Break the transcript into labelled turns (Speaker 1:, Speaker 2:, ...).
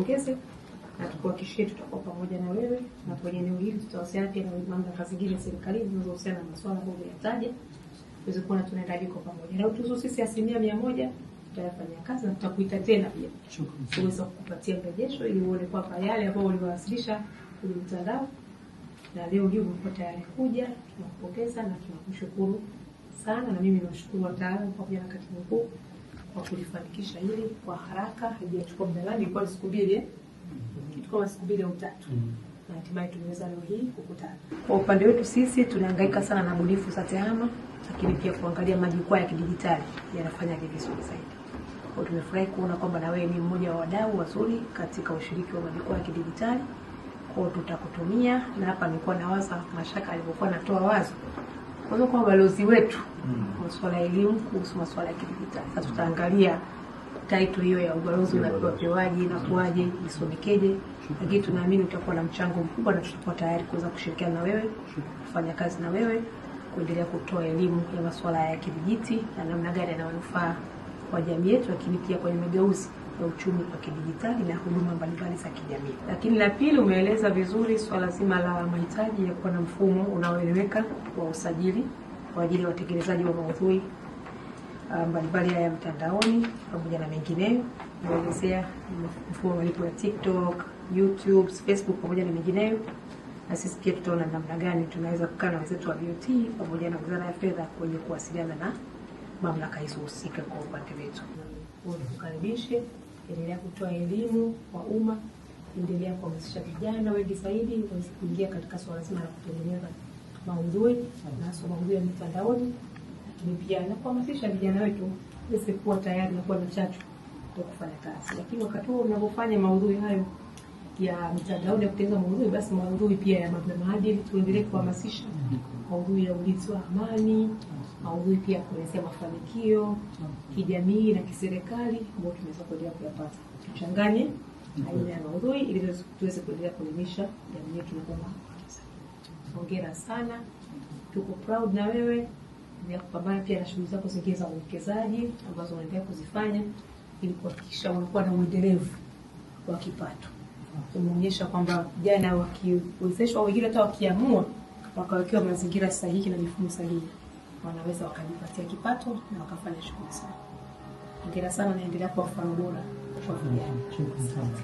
Speaker 1: tukupongeze na tukuhakikishie tutakuwa pamoja na wewe na kwenye eneo hili tutawasiliana pia na mamlaka zingine serikalini zinazohusiana na masuala ambayo umeyataja tuweze kuona tunaendaje kwa pamoja. Na utuzu sisi asilimia mia moja tutayafanyia kazi na tutakuita tena pia tuweza kukupatia mrejesho ili uone kwamba yale ambayo uliwawasilisha kwenye mtandao na leo hii umekuwa tayari kuja. Tunakupongeza na tunakushukuru sana, na mimi nawashukuru wataalamu pamoja na katibu mkuu kwa kulifanikisha hili kwa haraka, haijachukua muda gani, ilikuwa siku mbili, eh? kitu kama siku mbili au tatu mm. na hatimaye tumeweza leo hii kukutana. Kwa upande wetu sisi tunahangaika sana na bunifu za TEHAMA, lakini pia kuangalia majukwaa ya kidijitali yanafanya vizuri zaidi. Kwa tumefurahi kuona kwamba na wewe ni mmoja wa wadau wazuri katika ushiriki wa majukwaa ya kidijitali, kwa tutakutumia na hapa nilikuwa nawaza mashaka alivyokuwa natoa wazo kwanza kwa balozi wetu mm. kwa masuala ya elimu kuhusu masuala ya kidijitali. Sasa tutaangalia title hiyo ya ubalozi unapewapewaje, inakuwaje, isomekeje, lakini tunaamini utakuwa na mchango mkubwa na tutakuwa tayari kuweza kushirikiana na wewe kufanya kazi na wewe kuendelea kutoa elimu ya masuala ya kidijiti na namna gani yana kwa jamii yetu, lakini pia kwenye mageuzi na uchumi wa kidijitali na huduma mbalimbali za kijamii. Lakini la pili, umeeleza vizuri swala zima la mahitaji ya kuwa na mfumo unaoeleweka wa usajili kwa ajili ya watekelezaji wa maudhui ah, mbalimbali haya mtandaoni pamoja na mengineyo. Umeelezea mfumo wa malipo ya TikTok, YouTube, Facebook pamoja na mengineyo na sisi pia tutaona namna gani tunaweza kukaa na wenzetu wa BOT pamoja na Wizara ya Fedha kwenye kuwasiliana na mamlaka hizo husika kwa upande wetu. Tukaribishe endelea kutoa elimu kwa umma, endelea kuhamasisha vijana wengi zaidi waweze kuingia katika swala zima la kutengeneza maudhui na hasa maudhui ya mitandaoni, lakini pia na kuhamasisha vijana wetu waweze kuwa tayari na kuwa na chachu kwa kufanya kazi. Lakini wakati huo unavyofanya maudhui hayo ya mitandaoni ya kutengeneza maudhui, basi maudhui pia ya maadili, tuendelee kuhamasisha maudhui ya ulinzi wa amani maudhui pia kuelezea mafanikio mm. kijamii na kiserikali ambayo tumeweza kuendelea kuyapata. Tuchanganye mm-hmm. aina ya maudhui ili tuweze kuendelea kuelimisha jamii yetu na umma. Hongera sana, mm-hmm. tuko proud na wewe ya kupambana pia na shughuli zako zingine za uwekezaji ambazo unaendelea kuzifanya ili kuhakikisha unakuwa na uendelevu wa kipato. Mm-hmm. Umeonyesha kwamba vijana wakiwezeshwa, wengine hata wakiamua wakawekewa mazingira sahihi na mifumo sahihi wanaweza wakajipatia kipato na wakafanya shughuli zao. Hongera sana, naendelea kwa mfano bora kwa vijana.